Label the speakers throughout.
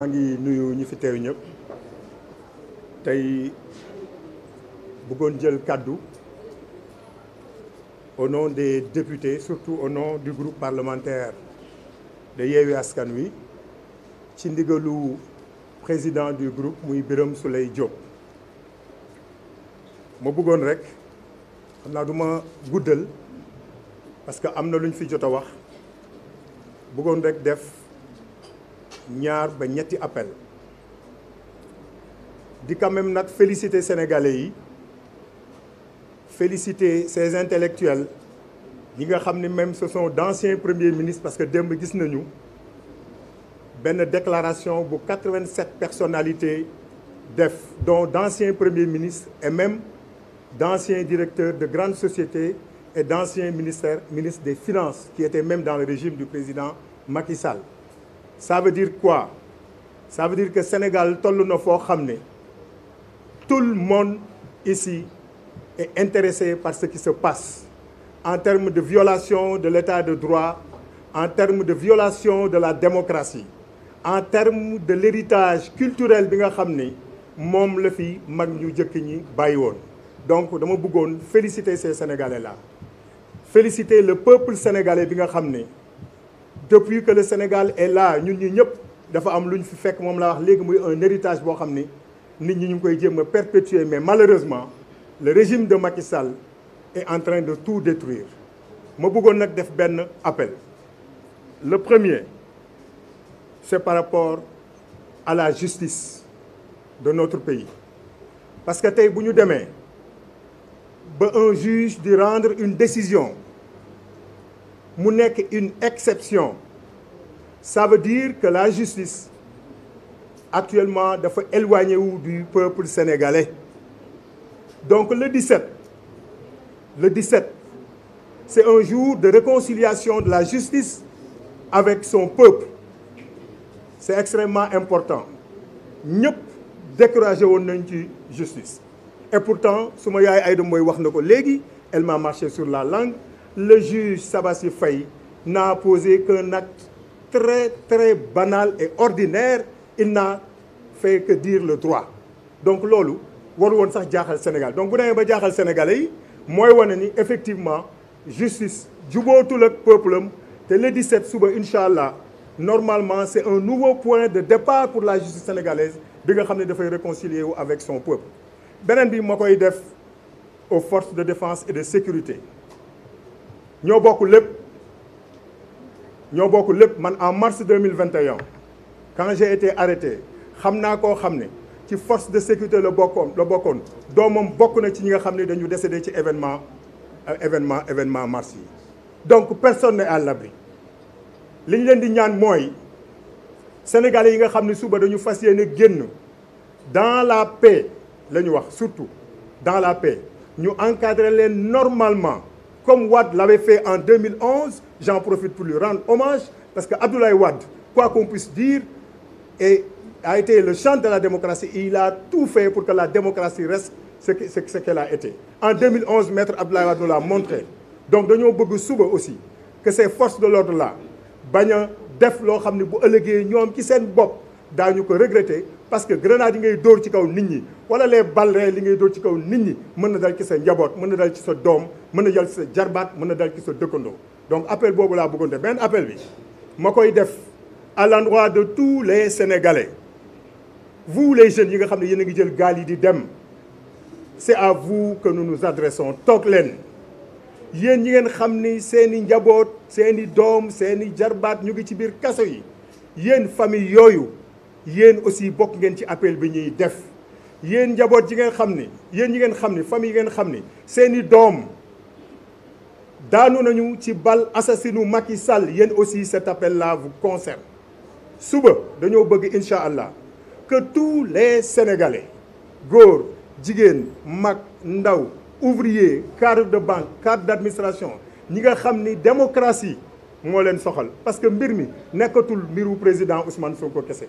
Speaker 1: maa ngi nuyu ñi fi teew ñëpp tey bëggoon jël kàddu au nom des députés surtout au nom du groupe parlementaire de Yewwi Askan Wi ci ndigalu président du groupe muy Birame Souleye Diop ma bëggoon rek xam naa guddal parce que am na lu ñu fi jot wax bëggoon rek def ñaar ba ñetti appel di quand même notre féliciter sénégalais féliciter ces intellectuels yi même ce sont d'anciens premiers ministres parce que demb gis nañu une déclaration bu 87 personnalités dont d'anciens premiers ministres et même d'anciens directeurs de grandes sociétés et d'anciens ministères ministres des Finances qui étaient même dans le régime du président Macky Sall ça veut dire quoi ça veut dire que Sénégal tout le monde ici est intéressé par ce qui se passe en termes de violation de l'état de droit en termes de violation de la démocratie en termes de l'héritage culturel de nga la fi mag ñu donc je bëggoon féliciter ces Sénégalais là féliciter le peuple sénégalais de nga depuis que le Sénégal est là nous avons tous dafa un héritage Nous avons perpétué, perpétuer mais malheureusement le régime de Macky Sall est en train de tout détruire Je bëggoon faire def appel le premier c'est par rapport à la justice de notre pays parce que si demain, un juge doit rendre une décision mu une exception ça veut dire que la justice actuellement doit éloigner du peuple sénégalais donc le 17 le 17 c'est un jour de réconciliation de la justice avec son peuple c'est extrêmement important Nous décourager au décourager la justice et pourtant ce yaay elle m'a marché sur la langue le juge Sabassi Faye n'a posé qu'un acte très, très banal et ordinaire. Il n'a fait que dire le droit. Donc, lolo, waru sax au Sénégal. Donc, bu avez ba dit Sénégalais yi mooy ni effectivement justice tout ak peuple te le 17 suba Inshallah. normalement c'est un nouveau point de départ pour la justice sénégalaise bi nga xamné da réconcilier avec son peuple. Benen bi ma aux forces de défense et de sécurité ñoo bokk lépp nous bokk lépp man en mars 2021 quand j'ai été arrêté xam ko koo qui ci force de sécurité le bokkoon le bokkoon doomam mon na ci ñi nga xam ne dañu décédé ci événement euh, événement événement mars donc personne n'est à l'abri li ñu leen di ñaan mooy sénégalais yi nga xam souba suba dañu fas ne génn dans la paix les ñu wax surtout dans la paix ñu encadrer les normalement comme Wad l'avait fait en 2011, j'en profite pour lui rendre hommage, parce que Abdoulaye Wad, quoi qu'on puisse dire, a été le champ de la démocratie. Il a tout fait pour que la démocratie reste ce qu'elle a été. En 2011, Maître Abdoulaye Wad nous l'a montré. Donc, nous avons aussi que ces forces de l'ordre-là, def regretter parce que grenade yi ngay dóor ci kaw nit ñi wala les balles li ngay dóor ci kaw nit ñi mën na dal ci sa njabot mën na dal ci sa dom mën na dal ci sa jarbat mën na dal ci sa dëkkandoo donc appel bobu la bëggoon def ben appel bi makoy def à l'endroit de tous les sénégalais vous les jeunes yi nga xam ne yéen ngi jël gal yi di dem c'est à vous que nous nous adressons tok leen yéen ñi ngeen xamni ni njabot i dom seen jarbat ñu ngi ci biir kasso yi yéen famille yoyu yéen aussi bokk ngeen ci appel bi ñuy def yéen njaboot yi ngeen xamni ni ñi ngeen xamni ni famille ngeen xamni seeni dom daanu nañu ci bal assassinu Macky Sall yéen aussi cet appel là vous concerne suba dañoo bëgg incha allah que tous les sénégalais gor jigen mak ndaw ouvrier cadre de banque cadre d'administration ñi nga xamni démocratie mo leen soxal parce que mbir mi nekkatul mbiru président Ousmane Sonko kessé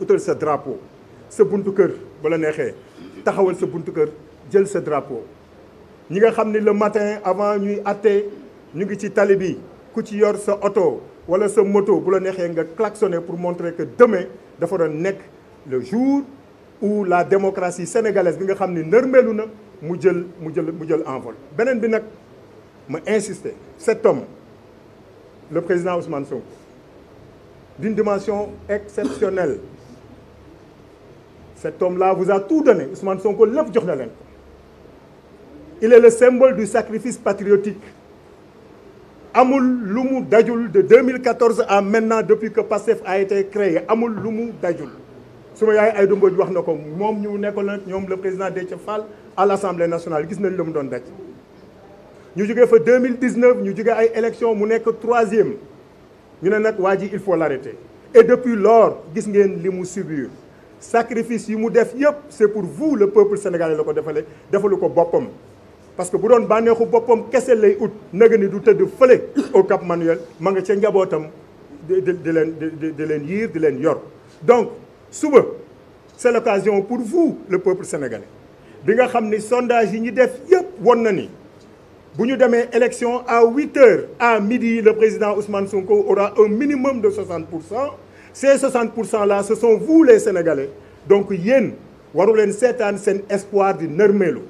Speaker 1: utal ce drapeau ce buntu cœur, ba la neexee taxawal sa buntu cœur, jël ce drapeau Nous avons xam le matin avant ñuy nous ñu ngi ci tali bi ku ci yor sa auto wala sa moto bu la nous nga klaxonner pour montrer que demain dafa doon nekk le jour où la démocratie sénégalaise nous nga xam ni nërmeelu na mu jël mu insister cet homme le président Ousmane Sonko d'une dimension exceptionnelle cet homme-là vous a tout donné. Ousmane Sonko, Il est le symbole du sacrifice patriotique. Amul Lumu Dajul de 2014 à maintenant, depuis que PASSEF a été créé. Amul Lumu Dajul. suma vous ay dumbo wax na ko moom ñu nekkoon la le président de Fall à l'Assemblée nationale gis nañ la mu doon daj ñu jógee fa 2019 ñu jógee ay élection mu nekk troisième Nous avons dit qu'il il faut l'arrêter. et depuis lors gis ngeen li mu subir sacrifice yi def c'est pour vous le peuple sénégalais la ko defalee ko boppam parce que bu doon ne boppam pas lay out ce du teud feulé au Cap Manuel ma nga de de de len de di leen yiir donc c'est l'occasion pour vous le peuple sénégalais bi nga xamni sondage yi ñi def yëpp won na ni bu ñu démé élection à 8h, à midi le président Ousmane Sonko aura un minimum de 60 ces 60% là ce sont vous les sénégalais donc yéen waru leen seetaan seen espoir de Nermelo.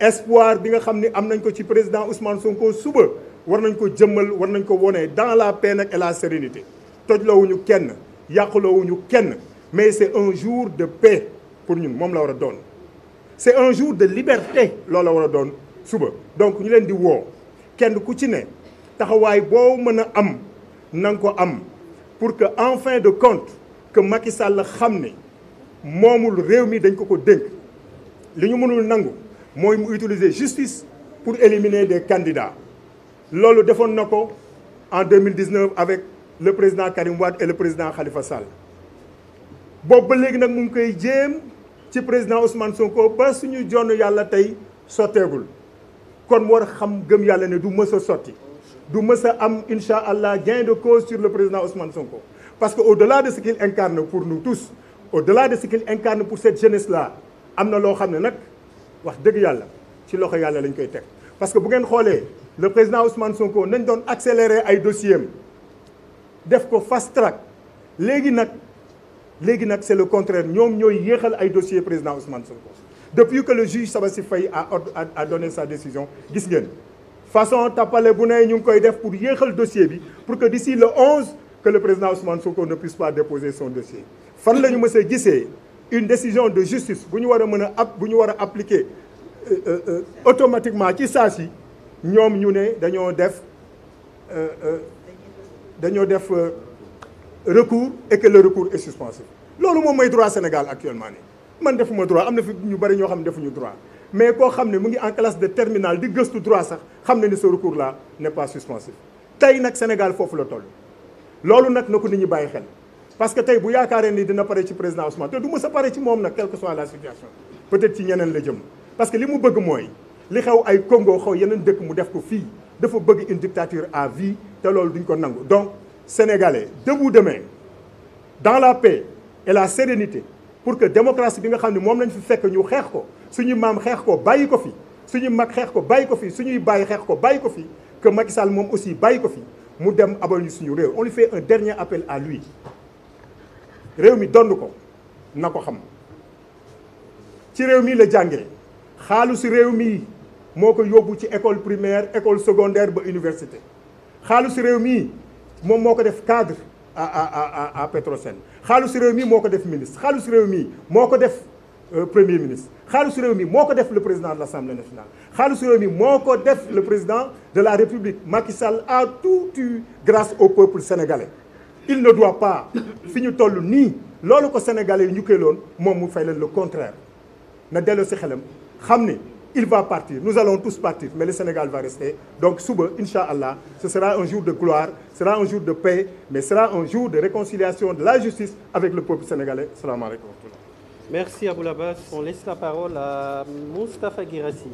Speaker 1: espoir bi nga xam ni am nañ ko ci président Ousmane Sonko suba war nañ ko jëmmal war nañ ko woné dans la paix et la sérénité tojloowuñu kenn yàqloowuñu kenn mais c'est un jour de paix pour ñun mom la wara don c'est un jour de liberté loolu la don a suba donc ñu leen di wo kenn ku ci ne taxaway bo meuna am na ko am pour que en fin de compte que Macky Sall la momul ne réew mi dañ ko ko denk liñu mënul nangu moy mu utiliser justice pour éliminer des candidats lolu defon nako en 2019 avec le président Karim Wade et le président Khalifa Sall Si ba léegi nag mu ngi koy jëm ci président Ousmane Sonko ba suñu jonne yalla tay sotégul kon war xam gëm yalla né du nous mës a am inshallah gain de cause sur le président Ousmane Sonko parce que au-delà de ce qu'il incarne pour nous tous au-delà de ce qu'il incarne pour cette jeunesse là nous lo xamné nak Nous wax deug yalla ci loxo lañ koy parce que bu ngeen xolé le président Ousmane Sonko nañ doon accélérer ay dossiers def ko fast track légui nak légui nak c'est le contraire ñom ñoy yéexal ay dossiers président Ousmane Sonko depuis que le juge Sabassi Faye a donné sa décision gis ngeen façon toute façon, ñu pour dossier pour que d'ici le 11 que le président Ousmane ne puisse pas déposer son dossier fan une décision de justice qui euh, euh, euh, automatiquement ci sasi si recours et que le recours est suspensif que je suis droit Sénégal actuellement Je man defuma droit amna droit mais ko xamné ne mu ngi en classe de terminal di geustu droit sax xamné ne ni ce recours là n'est pas suspensif tay nak Sénégal fofu la toll lolu nak nako nit ñi baye xel parce que tay bu yaakaré ni dina paré ci président Ousmane te du ma sa paré ci mom nak quelle que soit la situation peut-être ci ñeneen la jëm parce que li mu bëgg moy li xew ay Congo xaw yeneen dëkk mu def ko fii dafa bëgg une dictature à vie te lolu duñ ko nangu donc sénégalais debout demain dans la paix et la sérénité pour que démocratie bi nga xamné mom lañ fi fekk ñu xex ko suñu mam xex ko bayiko fi suñu mak xex ko bayiko fi suñu baye xex ko bayiko fi que Macky Sall aussi bayiko fi mu dem abal suñu rew on lui fait un dernier appel à lui rew mi dond ko N'ako xam ci rew mi le jàngee xaalisu rew mi moko ko ci école primaire école secondaire ba université xaalisu rew mi mom moko def cadre à à à à Petrosen xaalisu rew mi moko def ministre xaalisu rew mi moko def euh, premier ministre. Khalou moi le président de l'Assemblée nationale Khalou moi le président de la République Macky Sall a tout eu grâce au peuple sénégalais il ne doit pas finir tout ni Lorsque lorsque sénégalais est ñu Moi, le contraire Mais dès le il va partir nous allons tous partir mais le Sénégal va rester donc sous Inch'Allah, ce sera un jour de gloire ce sera un jour de paix mais sera un jour de réconciliation de la justice avec le peuple sénégalais salaamaaleykum Merci Abou Labas. On laisse la parole à Mustafa Girassi.